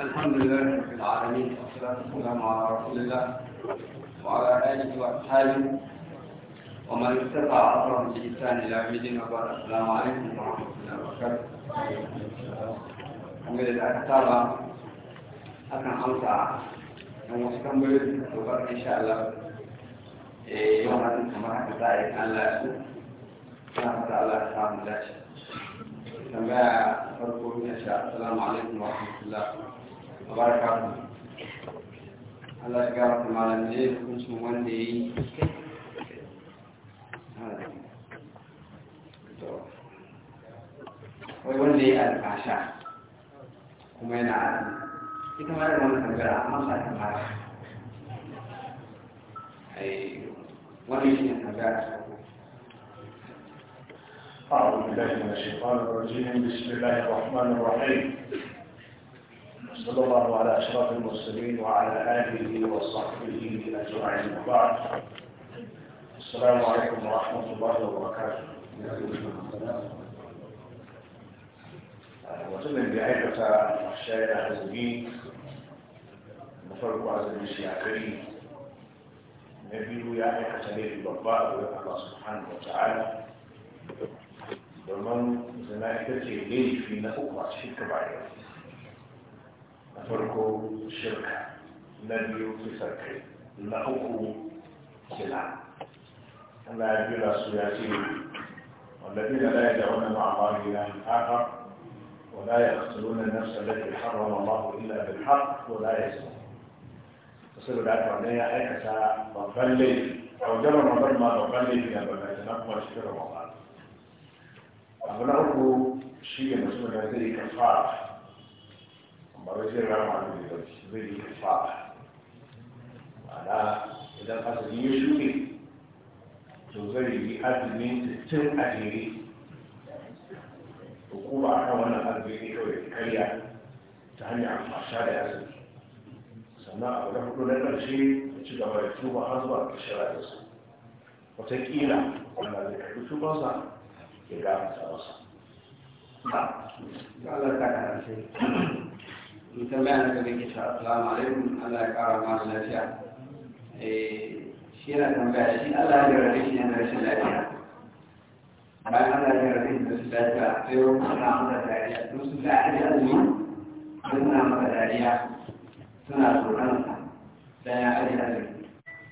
الحمد لله رب العالمين والصلاة والسلام على رسول الله وعلى آله وأصحابه ومن اتبع أثره بإحسان إلى يوم الدين وبعد السلام عليكم ورحمة الله وبركاته. الحمد لله تعالى أكن أمسى ومستقبل وبركة إن شاء الله إيه، يوم كما السماح بذلك أن لا يكون الله سبحانه وتعالى tambaya farko ya sha assalamu alaikum wa barka Allah ya gara kuma lalle hukuncin wanda ya yi wai wanda ya alfasha kuma yana azumi ita ma irin wani tambara amma sa ta fara wani shi ne tambara أعوذ بالله من الشيطان الرجيم بسم الله الرحمن الرحيم صلى الله على أشرف المرسلين وعلى آله وصحبه أجمعين وبعد السلام عليكم ورحمة الله وبركاته وتمن بعيدة الشاعر حزبي مفرق عزم الشيعكري نبيه يا يعني عيدة ليه البرباء الله سبحانه وتعالى domin زمان ita ce في نقوة في a farko shirka na biyu kisan kai na uku kila Allah ya والذين لا يدعون مع الله إلها آخر ولا يقتلون النفس التي حرم الله إلا بالحق ولا يزنون تصير ذلك عليها أي كساء بقلي أو جرى مدر ما بقلي فيها بقلي نقوى شكر رمضان أبنى أبو شيء مسؤول هذه كفارة ba wai zai rama da shi zai yi kafa ma'ana idan azumi ya shuɗe to zai yi da cin a jere hukuma a kan wannan azumi ne kawai karya ta hanyar amfasha da ya sani sannan abu na hudu na ƙarshe da ci gaba da tuba har zuwa ƙarshen rayuwarsa wataƙila wanda zai karɓi tubansa ya gafasa masa. lalata ta ƙarashe. in tambaya na gaba ke cewa assalamu alaikum Allah ya kara ma da lafiya eh, shi yana tambaya shi Allah ya gara shi yana rashin lafiya bayan Allah ya gara shi yana rashin lafiya sai wani suna masa dariya sun su da ake azumi suna masa dariya suna tsoronsa dan ya ake azumi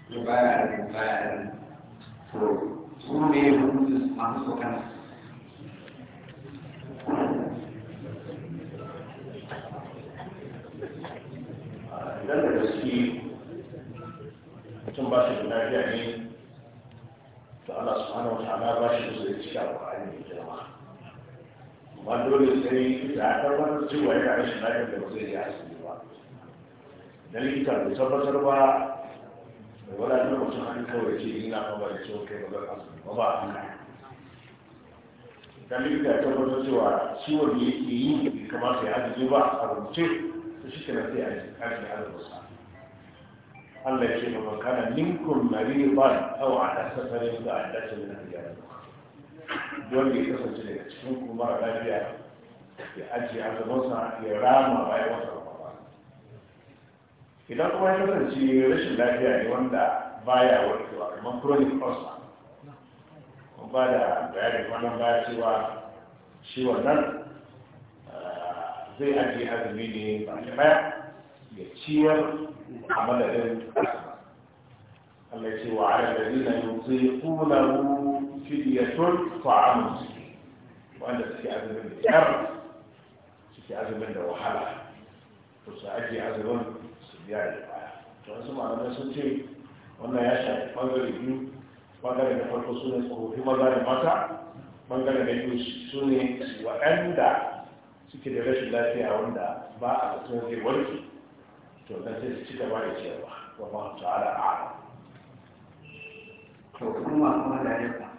to baya azumi baya azumi to su ne mutum masu tsoronsa idan da gaske mutum ba shi da lafiya ne to Allah subhanahu wataala ba shi da zai cika Qur'ani mai girma amma dole sai da aka karbar cewa ya yana shi lafiya da ba zai yi asiri ba Da likita bai tabbatar ba da wadannan mutum an kawai ce ina ba ba da cewa kai ba zan asiri ba ba an kai likita ya tabbatar cewa ciwon da yake yi bai kamata ya ajiye ba a rubuce تشكنا في عزيزك على الوصف الله يجيب من كان منكم مريضا أو على سفر فأحدث من الرجال دولي يتصل جليك منكم مرة لا جاء يأجي على الوصف يرام وغير وصف رمضان إذا قوة يتصل جليك لا جاء يواندا baya warkewa kamar chronic ulcer kun ba da bayanin wannan baya cewa shi wannan zai ajiye azumi ne ba ɗaya ya ciyar a madadin Allah ce wa ala da zina yau zai kula mu fidiyatun fa'amun suke wanda suke azumin da yar suke azumin da wahala to su ajiye azumin su biya da baya to wasu malamai sun ce wannan ya shafi ɓangare biyu ɓangare da farko su ne tsofaffi maza da mata ɓangare da biyu su ne waɗanda suke da rashin lafiya wanda ba a zato zai warke to na sai su ci gaba da cewa wa ma ta'ala a'lam to kuma kuma da yaka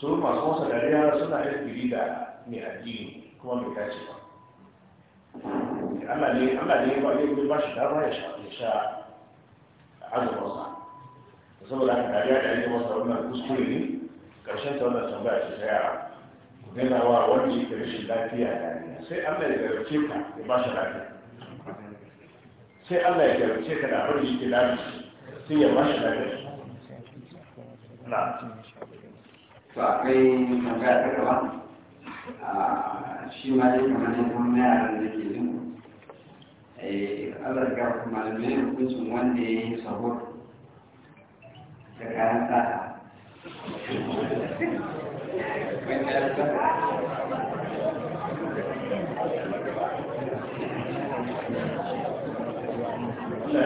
su masu wasa dariya suna yin biri da mai addini kuma mai dace ba Allah ne Allah ne ba zai ba shi dama ya sha ya sha azumarsa saboda haka dariya da ake masa wannan kuskure ne ƙarshen ta wannan tambaya ce ta yara yana wa wanda yake rashin lafiya da sai Allah ya garabce ka ya ba shi lafiya sai Allah ya garabce ka da abin da yake lafiya sai ya ba shi lafiya na to kai tambaya ta gaba shi ma dai kamar ne kuma na yaran da ke yin eh, Allah ga kuma malamai hukuncin wanda ya yi sahur da kayan sata suna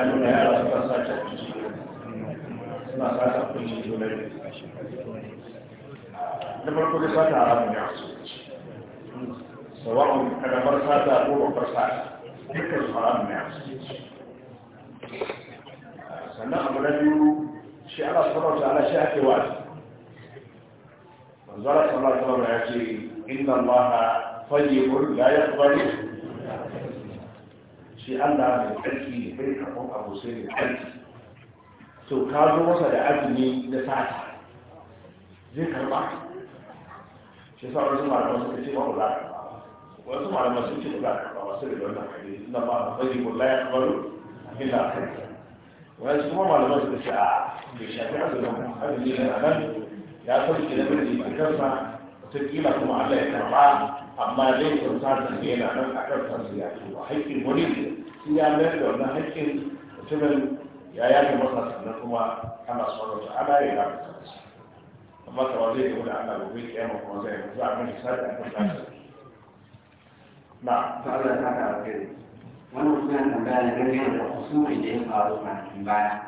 nuna yara suna da farko da sata haramun ya su sawa'un karamar sata ko babbar sata dukkan su haramun ya su sannan abu na biyu shi ana sarauta ala shi ake wa'azi زرع صلى الله عليه وسلم يأتي إن الله طيب لا يقبل shi Allah mai ƙarfi ne kai karɓar abu sai mai ƙarfi to ka zo masa da azumi da sata zai karɓa shi sa wasu malaman suka ce ba ku za wasu malaman sun ce ba za ka karɓa wasu da wannan kare na ba a fari ko laya baro illa kai wani su kuma malaman suka ce a bai shafi azumin azumi na nan ya farki da birni a kansa wataƙila kuma Allah ya karɓa amma zai kyauta ta ne yana nan a kansa su ya tuba haƙƙin wani su ya mayar da wannan haƙƙin mutumin ya yafe masa sannan kuma ana sauran su ana ya gafa kansa amma kamar zai yi da Allah gobe kiyama kuma zai yi za a mai sa da kan kansa na ta Allah ta ka alheri wannan suna tambaya ne game da kusuri da ya faru kwanakin baya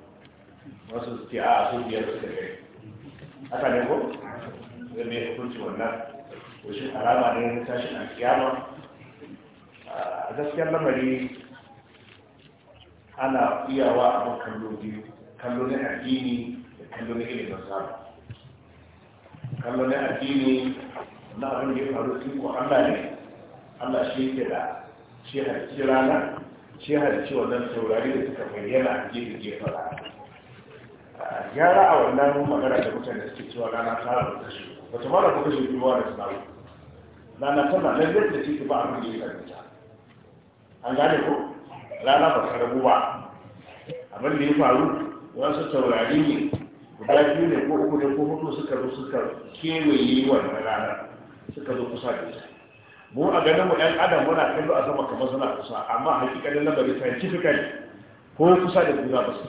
wasu suke a su biyar suka gari haka ne ko zai mai hukunci wannan ko shi alama ne na tashin alkiyama a gaskiyar lamari ana iyawa abin kallo biyu kallo na addini da kallo na ilimin samu kallo na addini na abin da ya faru cikin Allah ne Allah shi ke da shi harci rana shi harci wannan taurari da suka bayyana a gefe gefe rana gyara a wannan magana da mutane suke cewa rana ta rabu ta shi wata mara ku kashe ruwa da sinawu rana tana nan yadda take ba abin da ya karanta an gane ko rana ba ta rabu ba abin da ya faru wasu taurari ne guda biyu ne ko uku ne ko hudu suka zo suka kewaye wannan ranar suka zo kusa da ita mu a ganin mu ɗan adam muna kallo a sama kamar suna kusa amma hakikalin lamarin scientifically ko kusa da kusa ba su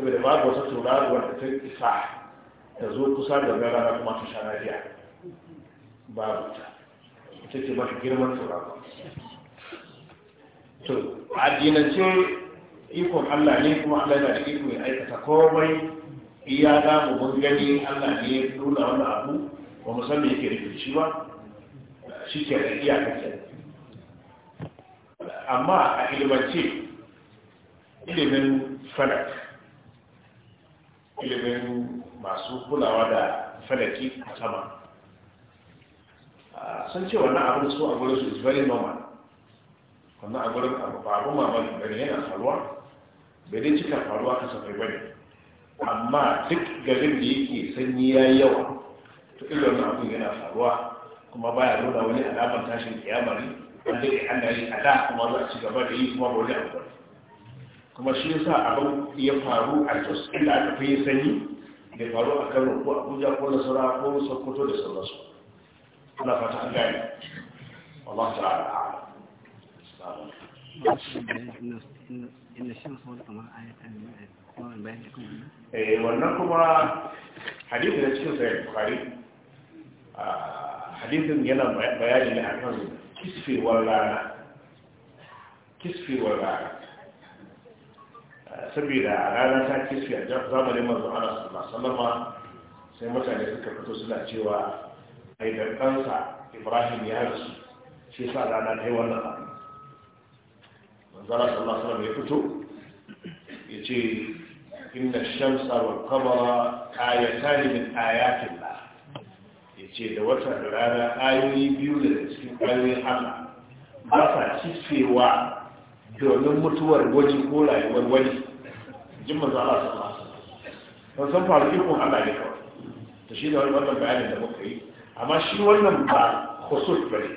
saboda babu wasu tauraruwar da ta isa ta zo kusa da mai rana kuma ta shanariya lafiya babu ta ita ce mafi girman tauraruwa to dinancin ikon Allah ne kuma Allah yana da iko ya aikata komai iya ga mu mun gani Allah ne ya nuna wani abu ba mu san me yake rufe shi ba shi ke da iyakar amma a ilimance ilimin falak ilimin masu kulawa da falaki a sama sun ce wannan abin su a gurin su is very normal wannan a gurin abu mamaki gani yana faruwa bai dai cika faruwa kasafai bane amma duk garin da yake sanyi ya yi yawa to ilo wannan abin yana faruwa kuma baya nuna wani alamar tashin kiyamari wanda ya ana yi a da kuma za a ci gaba da yi kuma ba wani abu kuma shi yasa abin ya faru a jos inda aka fi sanyi da faru a kano ko abuja ko nasara ko sokoto da sauransu ana fata an gani Allah ta ala. wannan kuma hadithin da cikin sayar bukari ah, hadithin yana bayani ne a kan kisfewar rana kisfewar rana saboda a ranar ta kisu a zamanin manzo ana sallama sai mutane suka fito suna cewa mai dankansa ibrahim ya rasu shi sa rana ta yi wannan abu manzo ana sallama ya fito ya ce inna shamsa wa kamara ayatani min ayatin la ya ce da wata rana ayoyi biyu daga cikin ayoyin allah ba sa cifewa domin mutuwar wani ko rayuwar wani jin manzo Allah su ba su san faru ikon Allah ne kawai to shi ne wani wannan bayanin da muka yi amma shi wannan ba khusus bane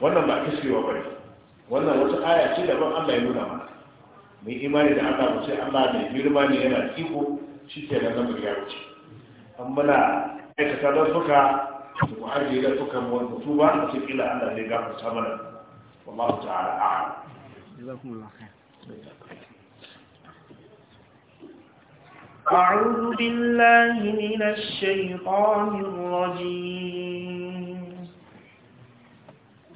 wannan ba kisrewa bane wannan wata aya ce daban Allah ya nuna mana mai imani da Allah mu ce Allah mai girma ne yana iko shi ke nan zama ya wuce an muna aikata don suka ku ajiye da suka mu wani mutu ba su kila Allah ne gafarta mana wallahu ta'ala a'lam jazakumullahu khair أعوذ بالله من الشيطان الرجيم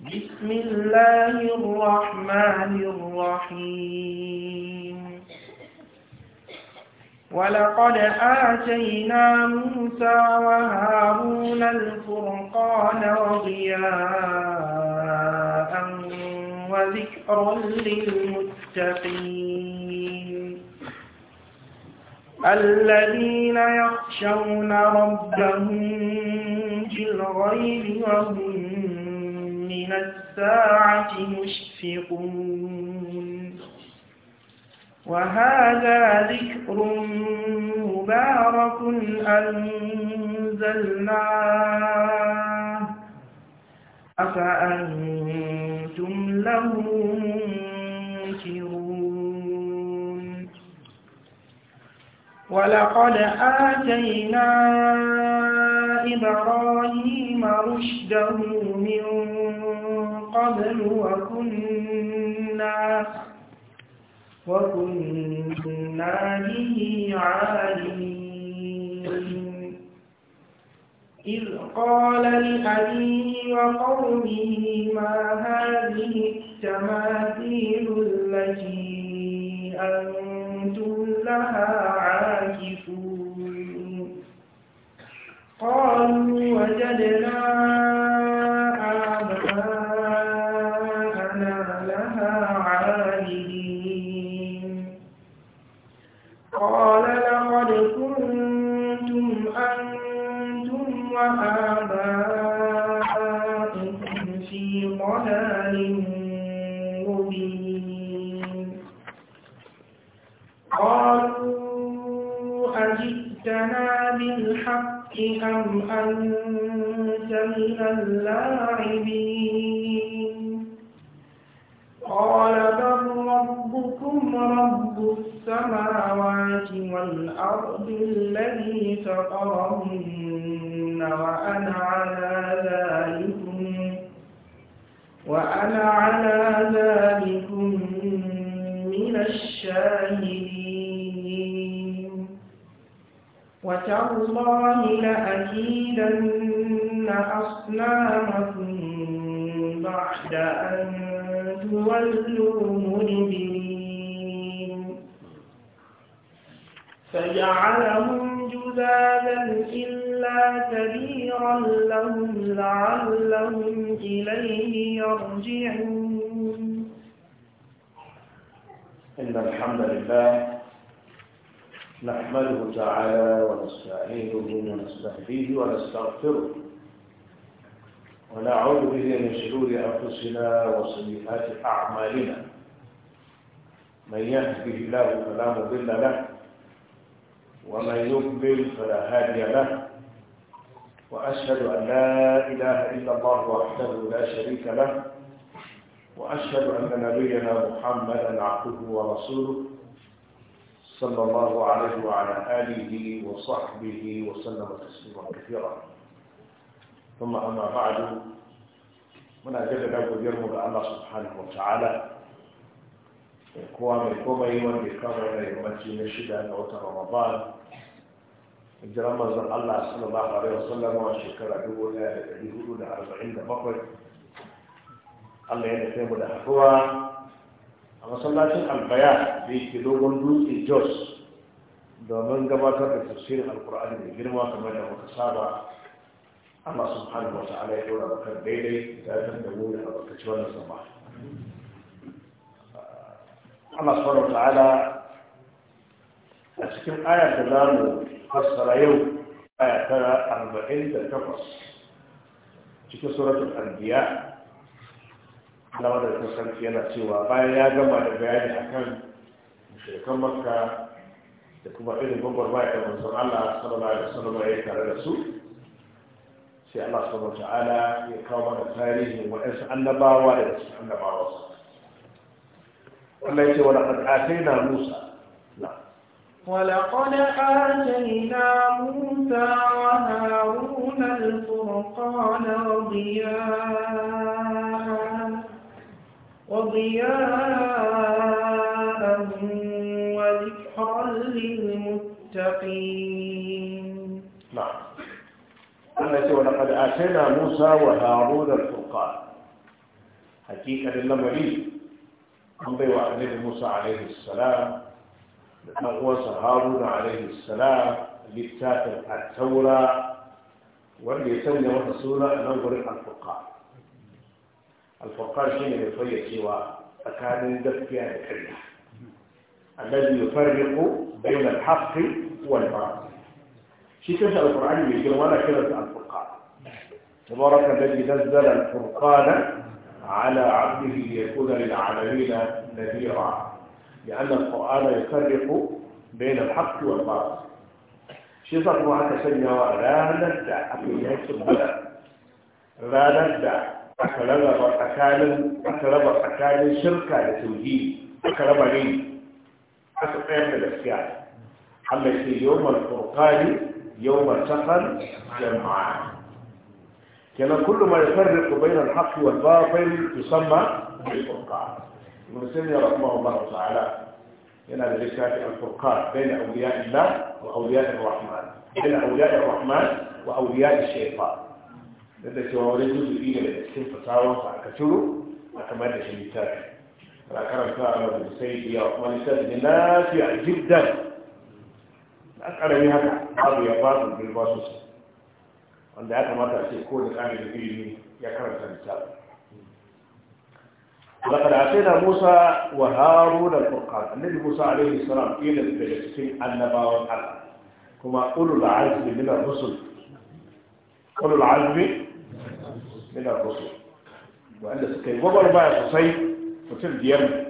بسم الله الرحمن الرحيم ولقد آتينا موسى وهارون الفرقان وضياء وذكرا للمتقين الذين يخشون ربهم بالغيب وهم من الساعة مشفقون وهذا ذكر مبارك أنزلناه أفأنتم له منكرون ولقد آتينا إبراهيم رشده من قبل وكنا وكنا به عالمين إذ قال لأبيه وقومه ما هذه التماثيل التي أنتم وأنتم لها عاكفون قالوا وجدنا الأرض الذي تقرهن وأنا على ذلك وأنا على ذلك من الشاهدين وتالله لأكيدن أصنامكم بعد أن تولوا وجعلهم جذاذا إلا كبيرا لهم لعلهم إليه يرجعون إن الحمد لله نحمده تعالى ونستعينه ونستهديه ونستغفره ونعوذ به من شرور أنفسنا وسيئات أعمالنا من يهده الله فلا مضل له ومن يضلل فلا هادي له وأشهد أن لا إله إلا الله وحده لا شريك له وأشهد أن نبينا محمدا عبده ورسوله صلى الله عليه وعلى آله وصحبه وسلم تسليما كثيرا ثم أما بعد من أجل godiyarmu ga الله سبحانه وتعالى kowa mai komai wanda يوم الجنه da yammaci na جرى مزر الله صلى الله عليه وسلم وشكر دولا يهود على الأربعين دمقر الله يدفهم ده حقوة أما صلى الله عليه وسلم في كيلو مندوز إجوز دومن قبطة بتفسير القرآن من جنوة كما جاءه كسابة سبحانه وتعالى يقول ربك البيلي تأثن دمونا ربك شوانا الله سبحانه وتعالى أتكلم آية تدامه fassara yau aya ta arba'in da takwas cikin suratul anbiya na wadda ta yana cewa bayan ya gama da bayani akan shirkan makka da kuma irin gwagwarmaya da manzon Allah sallallahu alaihi wasallam ya tare da su sai Allah subhanahu ta'ala ya kawo mana tarihin waɗansu annabawa da cikin annabawa Allah ya ce wani Musa ولقد آتينا موسى وهارون الفرقان وضياء وضياء وذكرا للمتقين نعم التي ولقد آتينا موسى وهارون الفرقان حقيقة للمريض أنبي وأهل موسى عليه السلام أقوص هارون عليه السلام لكتاب التوراة واللي يسمى رسولة ننظر الفقاء الفقاء شيء يفيا سوى أكاد يدفيا يعني بكريه الذي يفرق بين الحق والباطل شيء كذا القرآن يقول ولا كذا الفرقاء تبارك الذي نزل الفرقان على عبده ليكون للعالمين نذيرا لأن القرآن يفرق بين الحق والباطل شيخ أبو عبد الشيء لا ندع أبي لا ندع أكلب أكال شركة لتوجيه أكلب لي أكلب الأشياء أما في يوم الفرقان يوم الشقر جمعان كان كل ما يفرق بين الحق والباطل يسمى بالفرقان ابن سيدنا رحمه الله تعالى هنا لجسات الفرقان بين أولياء الله وأولياء الرحمن بين أولياء الرحمن وأولياء الشيطان لذا سوى ورده بإيه لأسفة تاوان فأكتلوا لكما أدى فلا كرم فاعل رب السيد يا رحمن السيد من الناس جدا أسأل من بعض يباط من الباسوس عند تأتي كل الآن يبيني يا كرم فاعل لقد عطينا موسى وهارون القرآن النبي موسى عليه السلام إلى الفلسطين النبوة الله كما أولو العزم من الرسل أولو العزم من الرسل وعند سكين وبر بقى سوسي وفي اليمن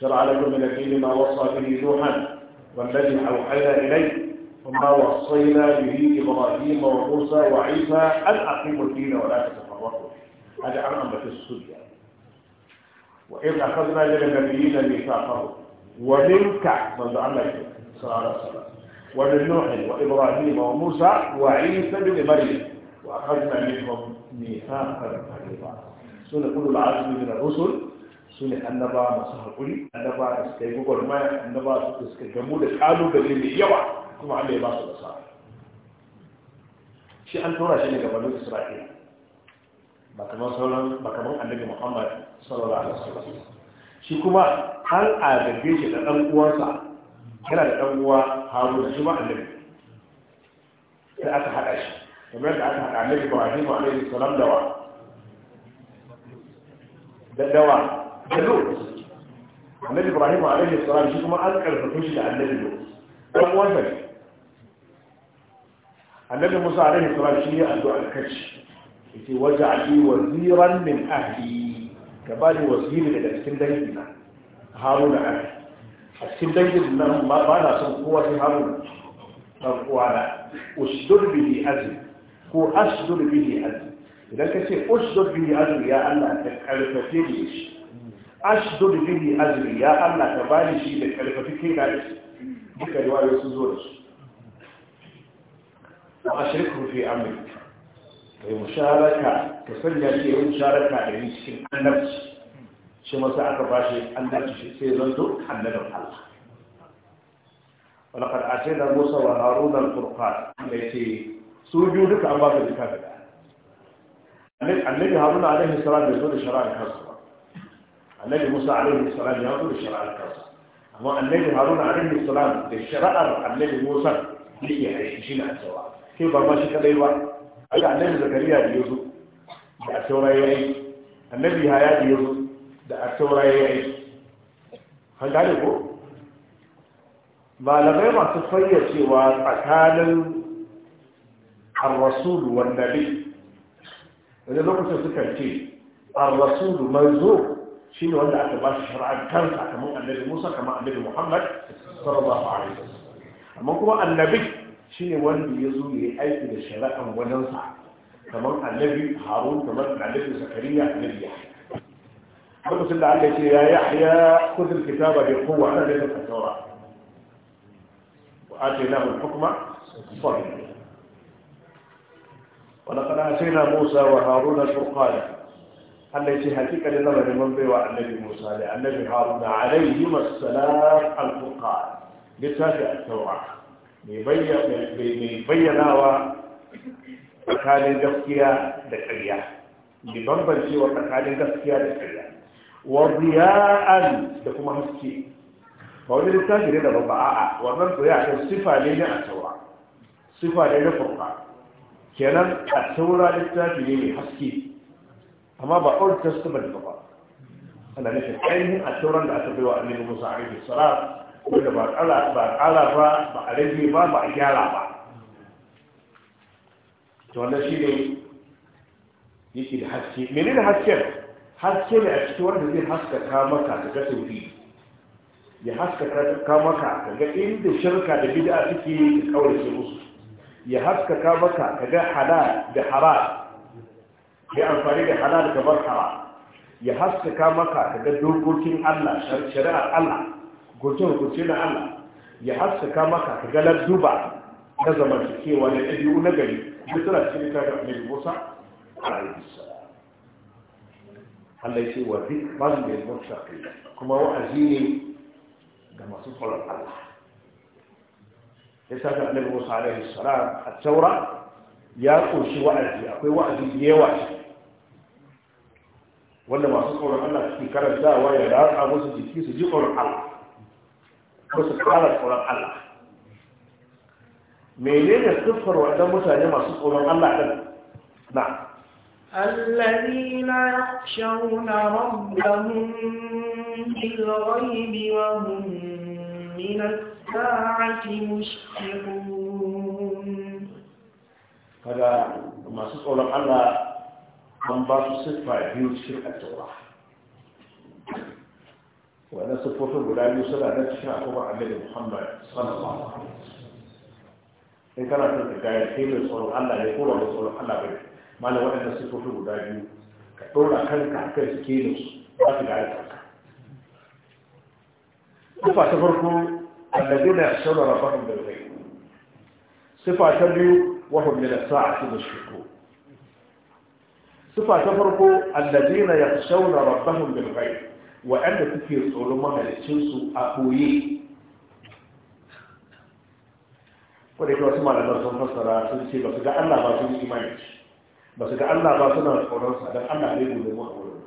شرع لكم من الدين ما وصى به نوحا والذي أوحينا إليه وما وصينا به إبراهيم وموسى وعيسى أن أقيموا الدين ولا تتفرقوا هذا أمر في السجن wa in akhadna lil nabiyina mithaqahum wa minka manzo Allah ya sallallahu alaihi wasallam wa min nuh wa ibrahim wa musa wa isa ibn maryam wa akhadna minhum mithaqan ghalidha sunan ulul azmi min da rusul su ne annaba masu haƙuri annaba da suka yi gwagwarmaya annaba da suka gamu da ƙalubale mai yawa kuma allah ya ba su nasa shi an tura shi ne gabanin isra'ila ba kamar sauran ba kamar annabi muhammad sallallahu alaihi wasallam shi kuma an agabe shi da dan uwansa yana da dan uwa Haruna shi ma annabi sai aka hada shi kamar da aka hada annabi Ibrahim alaihi salam da wa da dawa da Lut annabi Ibrahim alaihi salam shi kuma an karfafa shi da annabi Lut dan uwansa annabi Musa alaihi salam shi ya addu'a kace yace waja'ali waziran min ahli ka ba ni wasiri daga cikin dangi na haruna a a cikin dangin nan ma ba na son kowa sai haruna ɗan uwana usdur bihi azmi ko asdur bihi azmi idan ka ce usdur bihi azmi ya Allah ka karfafe ni shi asdur bihi azmi ya Allah ka ba ni shi da karfafe kai da shi duka riwayoyi sun zo da su wa ashriku fi amri المشاركة تفلل في المشاركة لنسك النفس شما سعك باشي النفس سيزنزو حمد الحلق ولقد أتينا موسى وهارون القرقان التي سجودك أباك بكافر النبي هارون عليه السلام يزول الشرع الكاسر النبي موسى عليه السلام يزول الشرع الكاسر أما النبي هارون عليه السلام الشرع النبي موسى ليه عيشينا سواء كيف ما شكرا يوان aga annabi zakariya da yazo da attaura ya yi annabi haya da yazo da attaura ya yi an gane ko malamai masu fayyacewa tsakanin ar-rasul wa nabi wanda lokacin suka ce ar-rasul manzo shine wanda aka ba shi shar'an kansa kamar annabi Musa kamar annabi Muhammad sallallahu alaihi wasallam amma kuma annabi shi ne wanda ya zo ya aiki da shari'an wajensa kamar annabi harun kamar annabi zakariya annabi ya lokacin da Allah ce ya yahya kudin kitaba da kowa ana da ta taura wa atayna hu hukma sabr wa laqad atayna musa wa haruna furqana Allah ce hakika da zama da mun baiwa annabi musa da annabi haruna alayhi assalam al-furqan littafi at-taura mai bayyana wa tsakanin gaskiya da ƙarya mai bambance wa tsakanin gaskiya da ƙarya wa ziya'an da kuma haske ba wani littafi ne da babba a'a wannan ya kan sifa ne a asawa sifa ne na farka. kenan a saura littafi ne mai haske amma ba old testament ba ana nufin ainihin a tauran da aka bai wa annabi musa alaihi salam wanda ba kala ba kala ba ba a rage ba ba a gyara ba to wannan shine yake da haske menene hasken haske ne a cikin wanda zai haska haskaka maka daga tauhidi ya haska ka maka daga inda shirka da bid'a suke da kaurace musu ya haska haskaka maka daga halal da haram ya amfani da halal da bar haram ya ka maka daga dokokin Allah shari'ar Allah hukunce kurce na Allah ya haskaka maka ka galar duba na cikewa na ɗabi na gari ya suna cikin littafin mai Musa a salam Allah ya ce wa zikran lil muttaqin kuma wa'azi ne ga masu tsoron Allah littafin annabi Musa alaihi salam a taura ya ƙunshi wa'azi akwai wa'azi da yawa wanda masu tsoron Allah suke karantawa ya ratsa musu jiki su ji tsoron Allah ko su ƙara tsoron Allah menene siffar waɗannan mutane masu tsoron Allah ɗin na الذين يخشون ربهم بالغيب وهم من الساعة مشفقون هذا ما سؤال الله من باش صفة بيوت شركة التوراة wannan siffofin guda biyu suna nan cikin al'umma annabi muhammad sallallahu alaihi wasallam in kana son ka gaya kai mai tsoron allah ne ko ba mai tsoron allah ba ne malam waɗannan siffofin guda biyu ka ɗora kanka a kan suke ne ba ka gaya kanka siffa ta farko annabi na shaura rabahun da zai siffa ta biyu wahum min as-sa'ati mushriku siffa ta farko alladhina yakhshawna rabbahum bil ghaib waɗanda suke tsoron mahalicinsu a ɓoye wadda ke wasu malamar sun fassara sun ce ba su ga allah ba sun yi imani ba su ga allah ba suna tsoronsa don allah ne gobe mu a wurin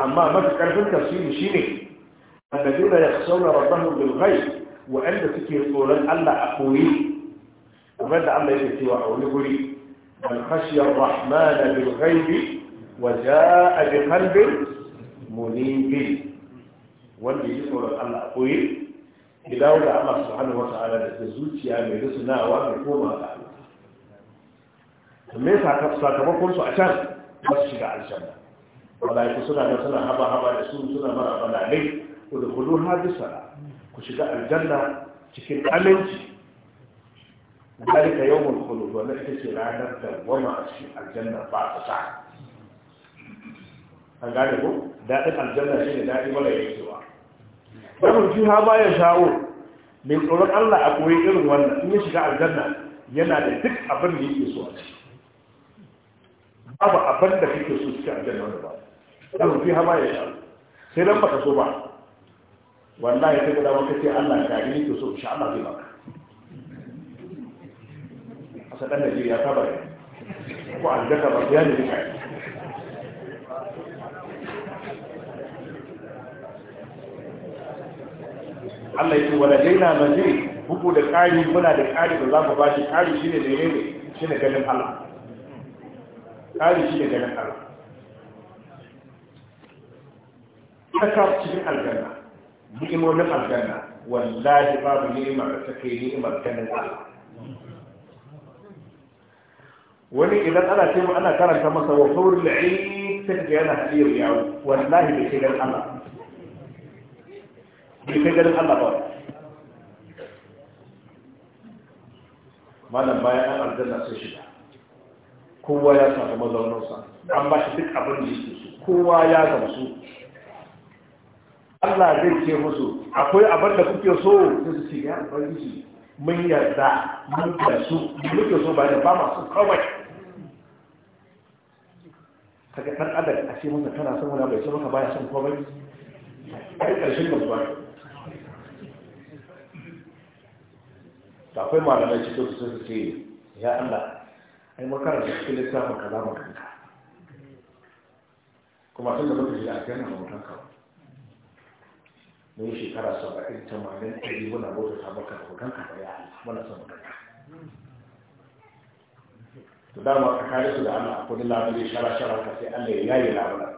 amma mafi ƙarfin tafsiri shi ne annabina ya saura rabbahun bilghai waɗanda suke tsoron allah a ɓoye kamar da allah yake cewa a wani guri man khashiyar rahmana bilghaibi وجاء بقلب منيب wanda ya tsoron Allah koyi ya dawo da Allah subhanahu wa ta'ala da zuciya mai rusunawa mai koma ga Allah me sakamakon su a can ba su shiga aljanna malaiku suna da suna haba haba da su suna mara balalai ku da kudu hadisa ku shiga aljanna cikin aminci ita ce ranar da تسير a cikin aljanna ba بعد ساعة a gane ko daɗin aljanna shi ne daɗi mara yankewa ɗaukar fiha ba ya shawo mai tsoron allah a koyi irin wannan in ya shiga aljanna yana da duk abin da yake so a ci babu abin da kake so cikin aljanna wanda ba ɗaukar fiha ba ya shawo sai dan baka so ba wallahi sai ka dawo kace allah ka yi ke so insha allah zai baka a sadan najeriya ta bari ko aljanna ba ya ne yi Allah ya ce wala daina majid buku da ƙari muna da ƙari da zamu ba shi ƙari shine da yake shine ganin Allah ƙari shine ganin Allah ka ci aljanna ni'imomin aljanna wallahi babu ni'ima da ta kai ni'imar ganin Allah wani idan ana ce ana karanta masa wa fawr al-ayn sai yana hadiyar yawo wallahi da ganin Allah bai kai ganin Allah ba malam bayan an aljanna sai shiga kowa ya samu mazaunarsa an ba shi duk abin da yake so kowa ya gamsu Allah zai ce musu akwai abin da kuke so sai su ce ya ubangiji mun yarda mun gasu muke so bayan ba masu kawai kaga dan adam a ce masa tana son wani bai so maka baya son komai kai karshen mutuwa Da akwai malamai cikin su sun ce ya Allah ai makarar da cikin littafin ka zama kanka kuma tun da muka shiga a kan abokan ka mun shekara saba'in tamanin ɗari muna bauta ta maka abokan ka ya Allah muna son kanka to dama kare su da Allah a kudin labarai shara shara ka sai Allah ya yaye labarai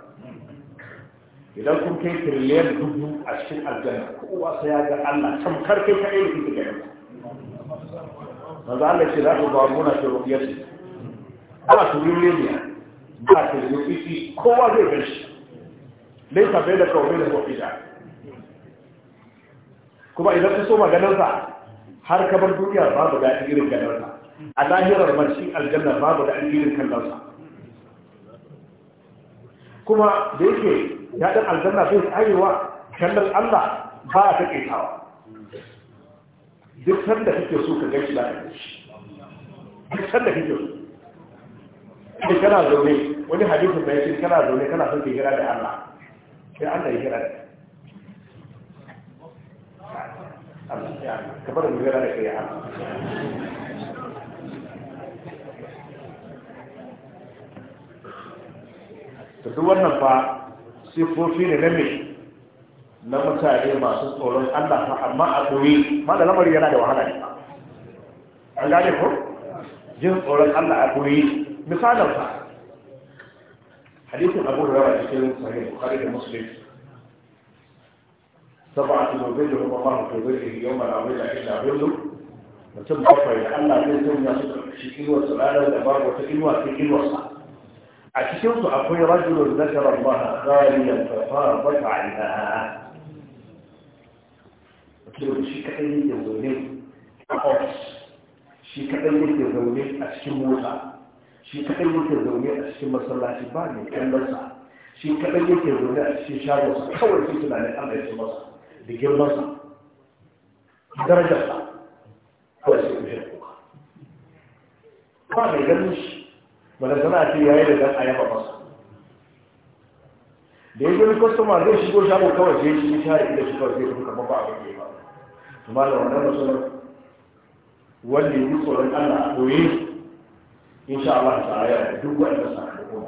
idan kun kai tiriliyan dubu a cikin aljanna kowa sai ya ga Allah tamkar kai ka irin da ganin manzo Allah ce za ku ba muna ta ruqyati ba ta ruqyati ba ta ruqyati kowa zai ga shi laysa baina qawmin wa qida kuma idan ka so maganar sa har ka bar duniya ba ba da irin ganar sa a lahirar mashi aljanna ba da irin kallon sa kuma da yake ya ɗan aljanna bai tsayewa kallon Allah ba ta kaitawa duk sanda kake so ka gaishe da kai duk sanda kake so kai kana zaune wani hadisin da yake kana zaune kana son ka hira da Allah sai Allah ya hira da Allah ya ka bar mu hira da kai Allah to duk wannan fa kofi ne na mai na mutane masu tsoron Allah fa amma a koyi ma da lamari yana da wahala ne an gane ko jin tsoron Allah a koyi misalin fa hadisin Abu Hurairah cikin sahih Bukhari da Muslim sab'atu mawdhihi wa Allahu tawdhihi yawma la wala illa billu mutum bakwai da Allah zai sanya su cikin wasu ranar da babu wata inuwa cikin inuwarsa a cikin su akwai rajulun zakara Allah ghaliyan fa farat 'ainaha domin shi kaɗai yake zaune a ofis shi kaɗai yake zaune a cikin mota shi kaɗai yake zaune a cikin masallaci ba mai kallonsa shi kaɗai yake zaune a cikin shagonsa kawai su tunanin an aiki masa da girmansa darajarsa kawai sai kushe kuka ba mai ganin shi wanda sana ce ya yi da dan ayaba masa da ya gani kwastoma zai shigo shago kawai sai shi ta yi da shi kawai zai kuma kamar ba a wani ba to ma da wannan musulun wanda ya yi tsoron allah a koyi in sha allah ta aya da duk wanda sa da kuma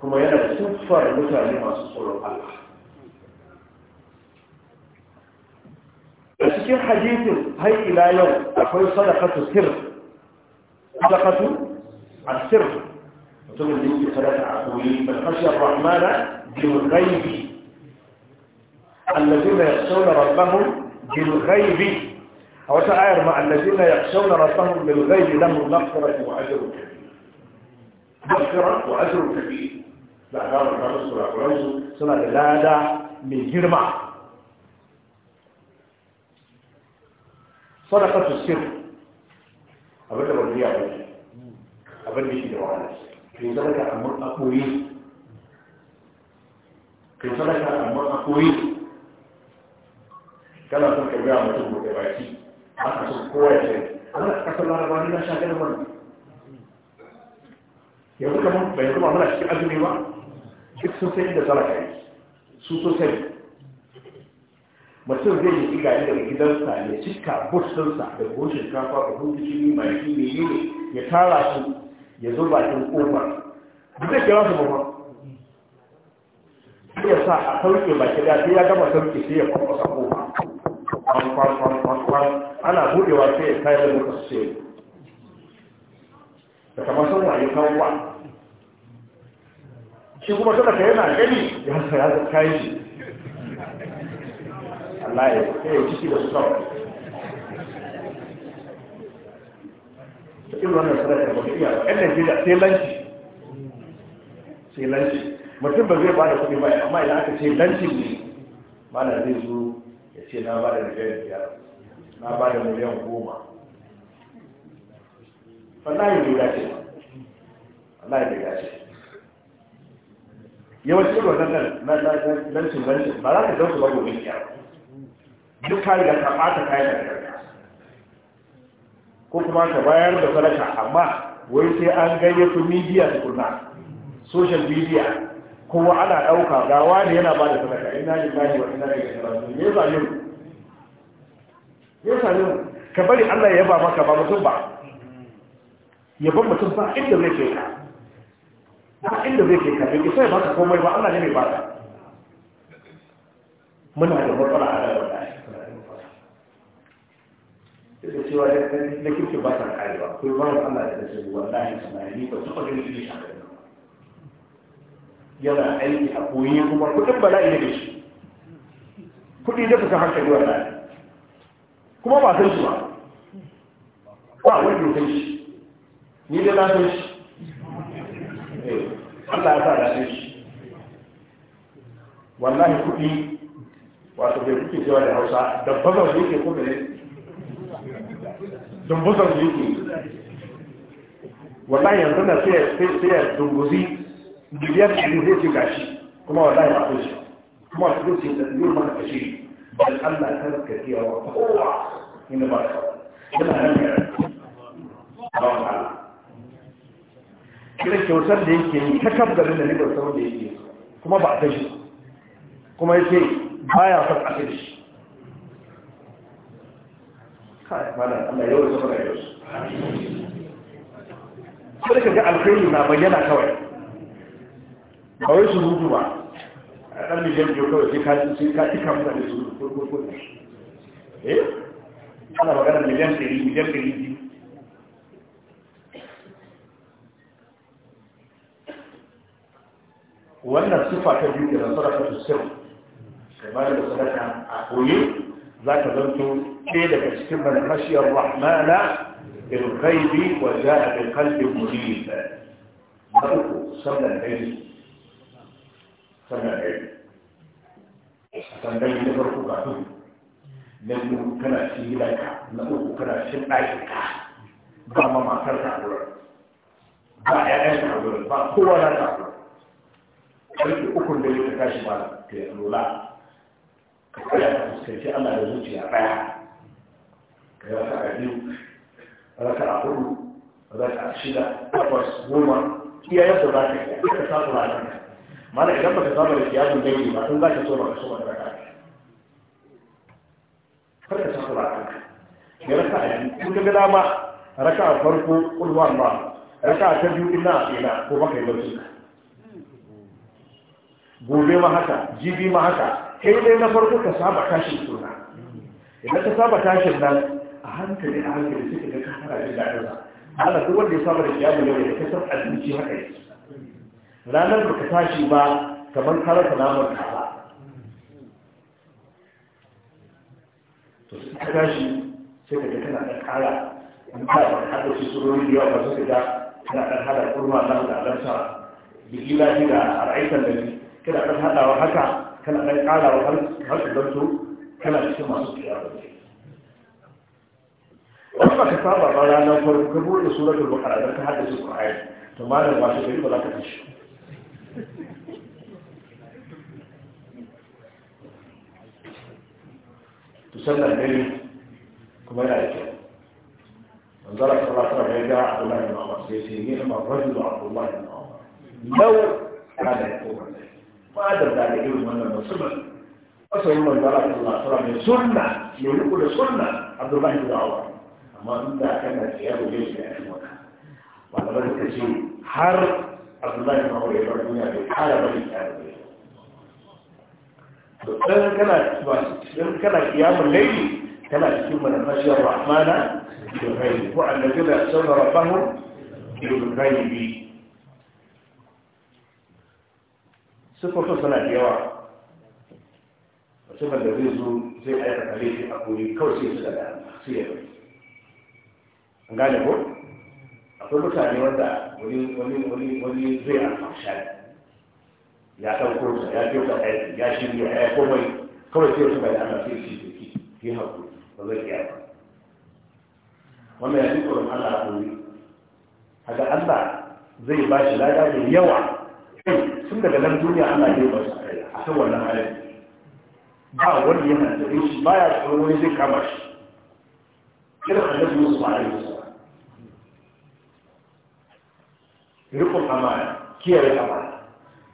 kuma yana da siffar mutane masu tsoron allah a cikin hadisin har ila yau akwai sadakatu sir sadakatu a sirri mutumin da yake sadaka a koyi bal khashiyar rahmana الذين يخشون ربهم بالغيب أو تعير آية مع الذين يخشون ربهم بالغيب لهم مغفرة وأجر كبير مغفرة وأجر كبير لا لا لا لا الرمز سنة لا من جرمع صدقة السر أبدا والرياء أبدا شيء وعنسك kai sadaka amma a koyi kai sadaka amma a koyi kana son ka mutum baki aka son kowa ya ce ana kasar laraba ni na sha yanzu kamar bai zuba mana cikin azumi ba duk sun sai inda sadaka yi su sosai mutum zai yi gari daga gidansa ya cika businsa da goshin kafa da hudu shi mai shi ne ya tara su ya zo bakin ƙofar duk da kewa su mamman sai ya sa a sauke baki da sai ya gama sauke sai ya kwakwasa ƙofa kwan ana buɗewa sai ya kayar da muka su da kamar sun waye kawo ba shi kuma suka kai yana gani ya sa ya zaka yi Allah ya ciki da su kawai irin wannan sadakar ba iya yan najeriya sai lanci sai lanci mutum ba zai ba da kuɗi ba amma idan aka ce lancin ne ba na zai zo ya ce na ba da miliyan biyar na ba da miliyan goma yi bai dace ba yi bai dace yawancin irin wannan lancin lancin ba za ka zauka ba gobe ya duk ka riga ta ɓata kayan da ko kuma ka bayar da sadaka amma wai sai an gayyato media tukuna social media kowa ana ɗauka ga wani yana ba da sadaka ina lillahi wa ina ilaihi raji'un me yasa yau yasa yau ka bari Allah ya yaba maka ba mutum ba yaban mutum ba inda zai kai ka ba inda zai kai ka bai sai ba ka komai ba Allah ne mai ba muna da matsala a rayuwa da cewa ya kai na kirkin ba ta kare ko ba Allah da sai wallahi samari ba su kudin shi ne kan yana aiki a koyi kuma kudin bala'i ne shi kudi da kusa hankali wallahi kuma ba san shi ba ba wani ne san shi ni da na san shi eh, Allah ya sa da shi wallahi kudi wato bai kuke cewa da Hausa da bazan yake kuma ne Dumbuzan su yake wallahi yanzu na sai ya dumbuzi miliyan ɗari zai ce gashi kuma wallahi ba ko shi kuma su zai ce da zai maka kashe bal Allah ta rika kiyawa kowa inda ba ka yana nan ya ba Allah kira kyautar da yake yi ta kabgarin da ne ba da yake kuma ba a kashe kuma yake baya son a kashe kai malam Allah yau da fara yau sai ka ga alkhairi na bayyana kawai ba wai su rubu ba a ɗan miliyan biyu kawai sai kaji sai ka tika mutane su kurkurkur eh ana magana miliyan ɗari miliyan ɗari biyu wannan sifa ta biyu da nasara ta tussir kai ba da sadaka a koyi ذاك قلت كيد تستمر خشي الرحمن بالغيب وجاء بقلب مريب مرق سمع العلم سمع العلم عندما يمرق قاتل لأنه كان سيئ لك لأنه كان سيئ لك ضعما ما كان تعبر ضع يعين تعبر ضع قوة لا تعبر قلت أكل بيتكاشي مالك لولا ka tsaya ka fuskanci Allah da zuciya ɗaya ka yi raka a biyu raka a hudu raka a shida takwas goma iya yadda za ka yi ka samu ranar ka mana idan baka samu da kiyasun dangi ba in za ka so ba ka so ba da raka kar ka samu ranar ka ya raka a biyu kun ga dama raka a farko kulwa ma raka ta biyu ina a ina ko baka yi barci gobe ma haka jibi ma haka kai dai na farko ka saba tashin suna idan ka saba tashin nan a hankali a hankali suka ga kafara da daɗinsa ala duk wanda ya saba da kiyamu yau da kasar abinci haka yake ranar da ka tashi ba kamar ka rasa naman kaza to sai ka tashi sai ka ga kana da kara in ka ba ka da su surori da yawa ba su ga kana da hada kurma da da alansa bi ilahi da araitan da kana da hadawa haka كلا غير قاعدة وهل هل قدرتوا كلا شيء ما سكت يا رجل وما كتاب الله سورة البقرة ذكر تحدث سورة عين ثم أنا واسع في ولا كتش تسلم لي كم لا يجوا انظر الله صلى الله عليه وسلم سيسيرين ما رجل عبد الله بن عمر لو كان يقول عليه ba da da irin wannan musulman masoyin manzara ta lasara mai sunna mai riko da sunna abdullahi da awa amma inda aka na tsaya da yau da yake maka malamai suka ce har abdullahi da awa ya bar duniya bai kara bari ta da yau to dan kana dan kana kiyamul layli kana cikin mana fashiyar rahmana bil ghaib wa annabiyyu sallallahu alaihi wa sallam bil ghaib sufofin suna da yawa sufar da zai zo zai aikata laifi a kuri kawai sai su da su ya bari an gane ko akwai mutane wanda wani wani wani wani zai alfasha ya san kursa ya wata aiki ya shirya ya komai kawai sai su bai ana sai shi da ki ki hakuri ba zai iya ba wannan ya fi tsoron ana a kuri haka ba zai ba shi lada da yawa tun daga nan duniya ana yi ba a kan wannan halin ba wani yana da shi ba ya tsoron wani zai kama shi kira annabi musu ba a yi musu rikon amana kiyaye kama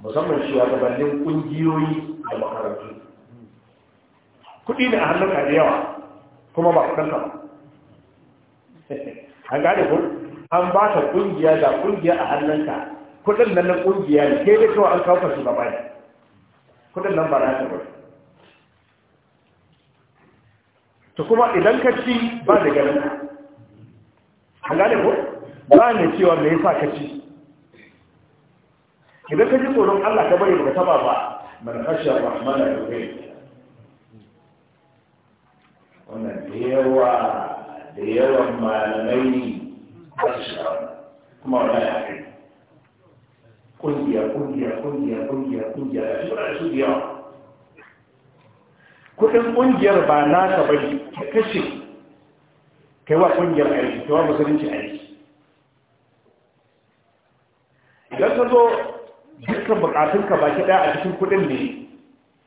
musamman shi wa gabanin kungiyoyi da makarantu kudi ne a hannunka da yawa kuma ba kudanka ba an gane ku an ba ka kungiya da kungiya a hannunka kudin nan na kungiya ne kai dai kawai an kawo ka shugaba ne kudin nan ba na ta bari to kuma idan ka ci ba da ganin an gane ko ba ne cewa me yasa ka ci idan ka ji tsoron Allah ka bari ka taba ba man khashya rahmana yuhibbu wannan da yawa da yawan malamai ba su kuma wala ya kai kungiya kungiya kungiya kungiya kungiya da shi da su biya kudin kungiyar ba na ka bari ka kashe kai wa kungiyar aiki kai wa musulunci aiki idan ka zo dukkan bukatun ka baki daya a cikin kudin ne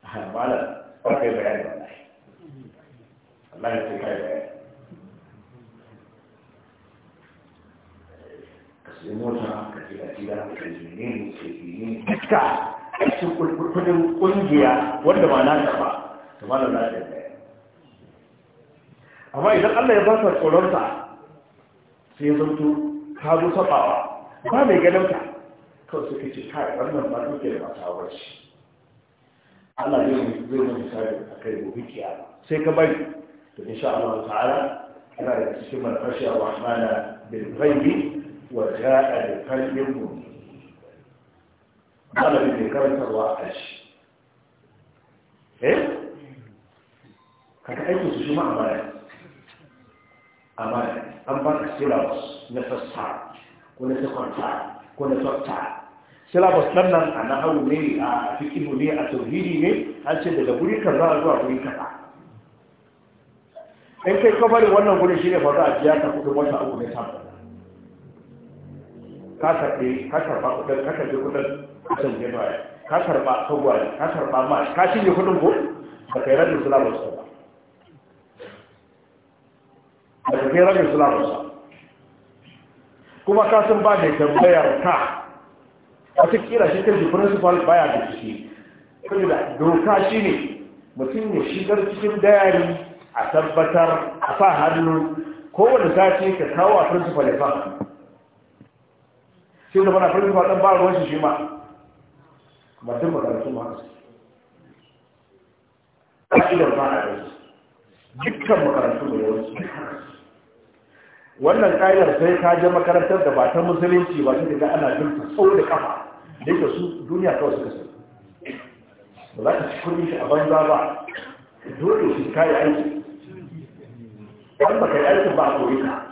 a malam ba kai bayani wallahi wallahi sai kai bayani sai mota ka tira tira ka jini ka duka a kudin kungiya wanda ba na ba ta ba da daya amma idan Allah ya ba ka tsoronta sai ya zanto ka zo sabawa ba mai ganin ka kawai suka ce kai wannan ba duke da mata wacce Allah zai zai mun misali a kai gobe kiyama sai ka bari to insha Allah ta'ala kana da cikin manfashi ar-rahmana bil ghaibi wa ja'a da kalbin mu malamin da karantarwa a shi eh kaga aikin su shi ma amana amana an ba ka syllabus na sassa ko na sekwanta ko na tsafta syllabus nan nan a nahawu ne a fikihu ne a tauhidi ne an ce daga guri kaza zuwa guri kaza in kai kabarin wannan guri shi ne ba za a biya ka kudin wata uku ne samun ka karɓe ka karɓa kuɗin ka karɓe kuɗin ka canje baya ka karɓa kawai ka karɓa ma ka cinye kuɗin ko ba kai rabin sulamun sa ba ba kai rabin sulamun kuma ka sun ba da tambayar ka wata kira shi kan principal baya da ciki saboda doka shi ne mutum ya shigar cikin dayari a tabbatar a sa hannu kowane sati ka kawo a principal ya sa sai da bana farin faɗin ba ruwan shi shi ma ba duk makarantu ma haka da ba a yau dukkan makarantu da yawanci wannan ƙa'idar sai ta je makarantar da ba ta musulunci ba ta daga ana jin tsawo da kafa da yake su duniya kawai suka sai ba za ka ci kudin shi a banza ba dole shi kayi aiki Ba ka yi aikin ba a koyi ka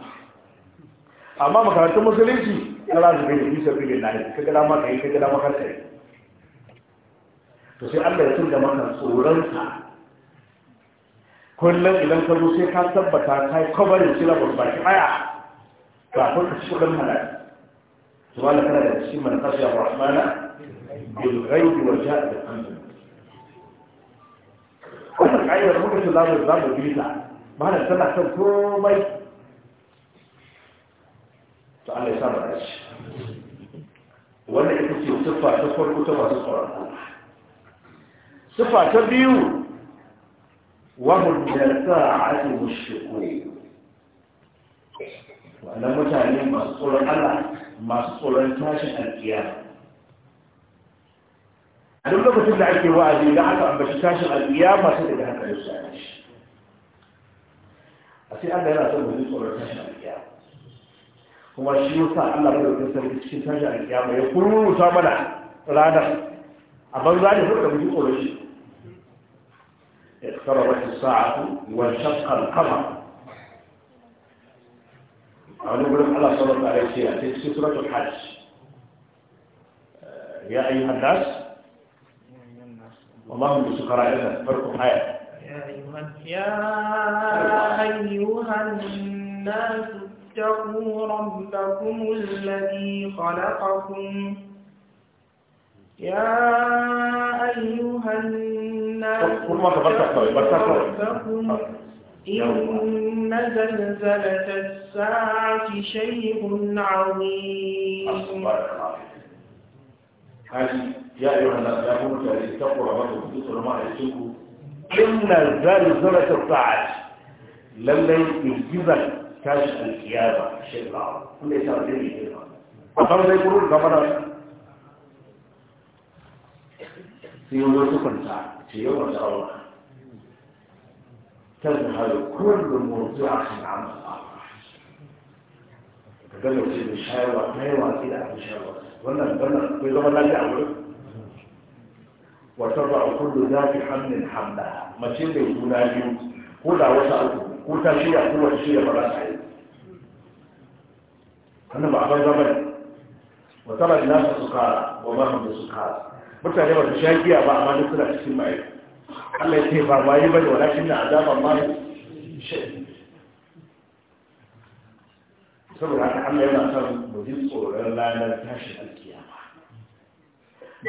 amma makarantun musulunci kala su da bisa bilin lahi ka gada maka yi ka gada maka kai to sai Allah ya tunda maka tsoronsa kullum idan ka zo sai ka tabbata ka yi kwabarin silabus baki aya kafin ka ci kudin mana سؤال كان يقسم mana خشي الرحمن بالغيب وجاء بالامر wannan ƙa'idar muka ce za mu za mu bi ta ba na tana kan komai to Allah ya sa mu dace wanda ita ce siffa ta farko ta masu tsoron siffa ta biyu wahun da sa'ati mushriku wannan mutane masu tsoron Allah masu tsoron tashin alkiyama a duk lokacin da ake wa'azi da aka ambaci tashin alkiyama sai daga haka ya sa shi a sai Allah yana son mu tsoron tashin alkiyama kuma shi yasa Allah bai da sarki cikin tashi a kiyama ya kuruta mana ranar a banza ne kuka mu tsoro shi اقتربت الساعة وانشق القمر أنا أقول لك على صلاة الله عليه في سورة الحج يا أيها الناس اللهم من سكراء لنا فرق حياة يا أيها الناس اتقوا ربكم الذي خلقكم يا أيها الناس اتقوا طيب، ربكم طيب. إن زلزلة الساعة شيء عظيم يا أيها الناس يا قوم اتقوا ربكم تسروا ما يشكوا إن زلزلة الساعة لن يجزل tashi da siyasa shirya wanda ya samu jirgin girma a kan sai kuru gaba da su yi wasu kwanta su yi wasu aura ta zai hari kowanne motsu a kan amma a gano ce da shayarwa ta yi watsi da abin shayarwa wannan wannan kai zama na ji abin ba a kudu za fi hannun mace bai kuna biyu ko da wasu alku ko ta shirya kowace shirya ba za ta wannan ba a bai ba ne wa tara ila su sukara wa ma hum bi sukara mutane ba su sha giya ba amma duk suna cikin mai Allah ya ce ba waye bane walakin a azaba ma shi saboda haka Allah yana son mu ji tsoron ranar tashi alkiyama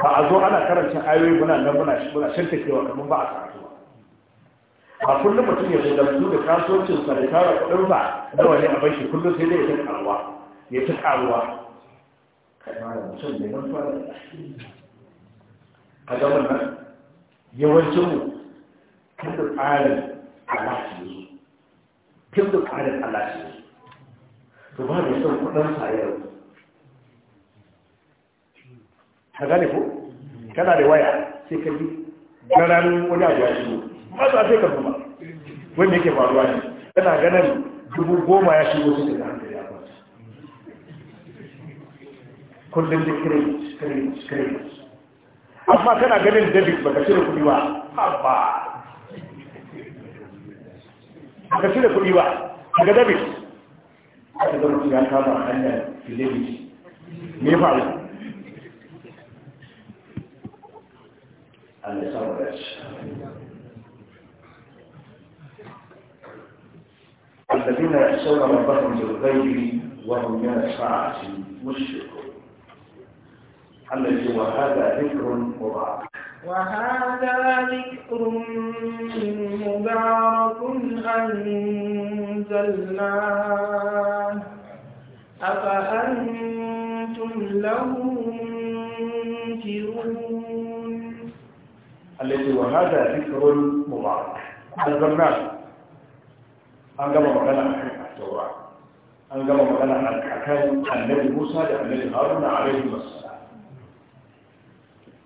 ba a zo ana karanta ayoyi muna nan muna muna shirka cewa kamar ba a karatu ba kullum mutum ya zo da su da kasuwancin sa da tara kuɗin ba nawa ne a bashi kullum sai dai ya ta karuwa ya fi karuwa Ka ma da mutum ne da ka ga wannan yawancin mu kan da tsarin Allah kan da tsarin Allah shi yanzu to ba da son kudin sa yau ka gane ko kana da waya sai ka bi garan wani abu ya shigo ba za sai ka kuma wanda yake faruwa ne kana ganin dubu goma ya shigo su da كل اللي كريت كريت كريت أما كان قليل ديبت بكثير كل واحد أبا بكثير كل واحد هكذا ديبت هكذا ديبت يا كابا حلال في ديبت مين فعلا أنا صورت الذين يحسون ربهم بالغيب وهم من الساعة المشرقة الذي وهذا ذكر مبارك وهذا ذكر مبارك أنزلناه أفأنتم له منكرون الذي وهذا ذكر مبارك أنزلناه أنزل مكان التوراة أنزل مكان الحكاية النبي موسى لأن النبي عليه السلام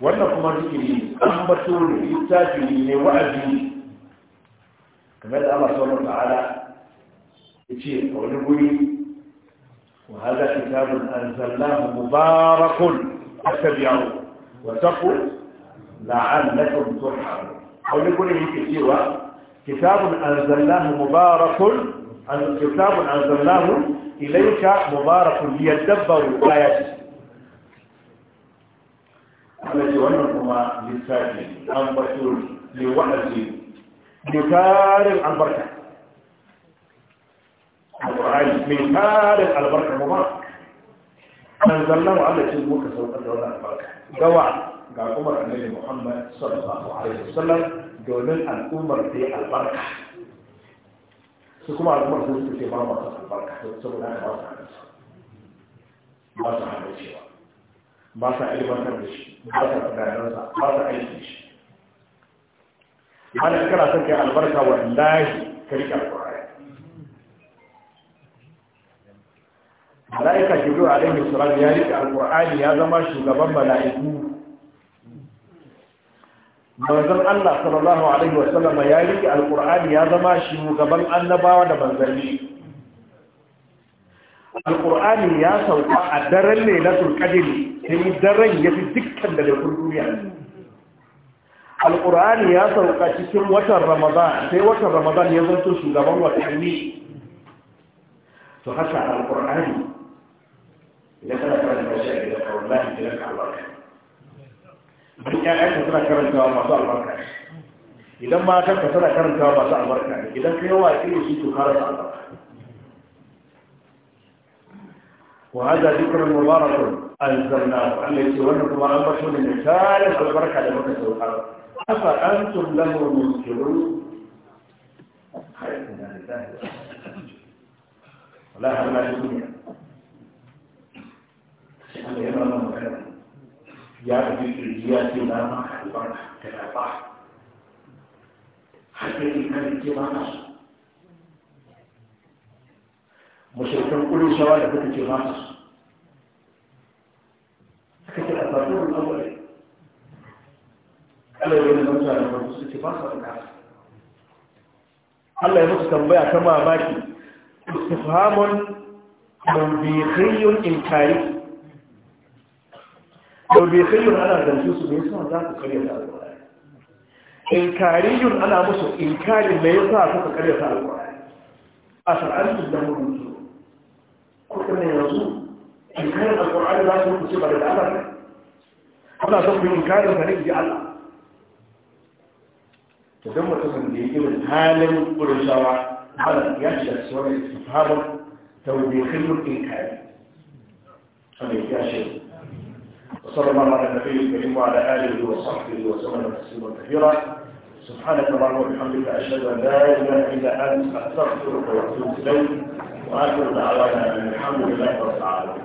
wannan kuma zikiri an bato ne littafi ne wa'azi kamar da Allah subhanahu wa ya ce a wani guri wa hada kitabun anzalnahu mubarakun attabi'u wa taqu la'allakum turhamun a wani guri ne ke cewa kitabun anzalnahu mubarakun kitabun anzalnahu ilayka mubarakun liyadabbaru ayatihi Allah ce wannan kuma lissafi an bato ne wa'azi ne tarin albarka alƙur'ani mai tarin albarka kuma an zallan wa Allah ce muka saukar da wannan albarka gawa ga kuma annabi Muhammad sallallahu alaihi wasallam domin al'ummar ta yi albarka su kuma al'ummar sun suke ba masu albarka saboda haka ba su hannu ba su hannu cewa ba sa ilimantar da shi ba sa tunaninsa ba sa aiki shi ana kana son kai albarka lahi ka rike alƙur'ani mala'ika jibril alaihi salam ya rike alƙur'ani ya zama shugaban mala'iku manzon Allah sallallahu alaihi wa sallam ya rike alqur'ani ya zama shi annabawa da manzanni alqur'ani ya sauka a daren lailatul qadr sai daren ya fi dukkan da dafin duniya alƙur'ani ya sauka cikin watan ramadan sai watan ramadan ya zanto shugaban watanni to haka alƙur'ani idan kana karanta shi a gidan kawai lafi gidan albarka duk ƴaƴanka suna karantawa masu albarka idan ma matanka suna karantawa masu albarka idan ka yawa ƙiri shi to karanta albarka وهذا ذكر مبارك anzalna Allah ya ce wannan kuma an bar shi ne tarin albarka da muka saukar afa antum lahu munkirun wallahi Allah ya duniya Allah ya nuna ya ce na maka albarka ta ba hakiki kan ce maka mushrikan kullu shawara da kuka ce maka كتبطور الأول ألا يقول لنا نجا لما نفسك باصر العصر ألا يمسك مبيع كما أماكي استفهام منبيخي إنكاري منبيخي أنا دمجوس بيسان ذات قرية على القرآن إنكاري أنا مسو إنكاري ما يطاع فوق قرية على القرآن أسر أنت الدمون كنت من يرزوه المال القرآن لا يكون صفة للأبد ولا تقبل إنكارا فنجزي الله تدمر تسمى ليجيب الهالم قل الله على يشهد سواء استفهام توبيخ الإنكار أمين يا شيخ وصلى الله على النبي الكريم وعلى آله وصحبه وسلم تسليما كثيرا سبحانك اللهم وبحمدك أشهد أن لا إله إلا أنت أستغفرك وأتوب إليك وآخر دعوانا أن الحمد لله رب العالمين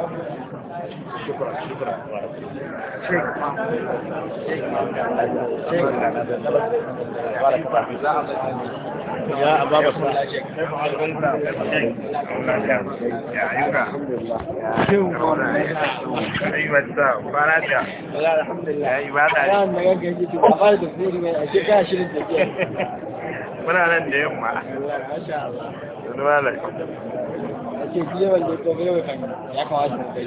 شكرا شكرا يا شكرا شكرا شكرا شكرا شكرا شكرا شكرا شكرا شكرا الحمد لله شكرا شكرا شكرا شكرا شكرا شكرا شكرا شكرا شكرا شكرا شكرا شكرا يا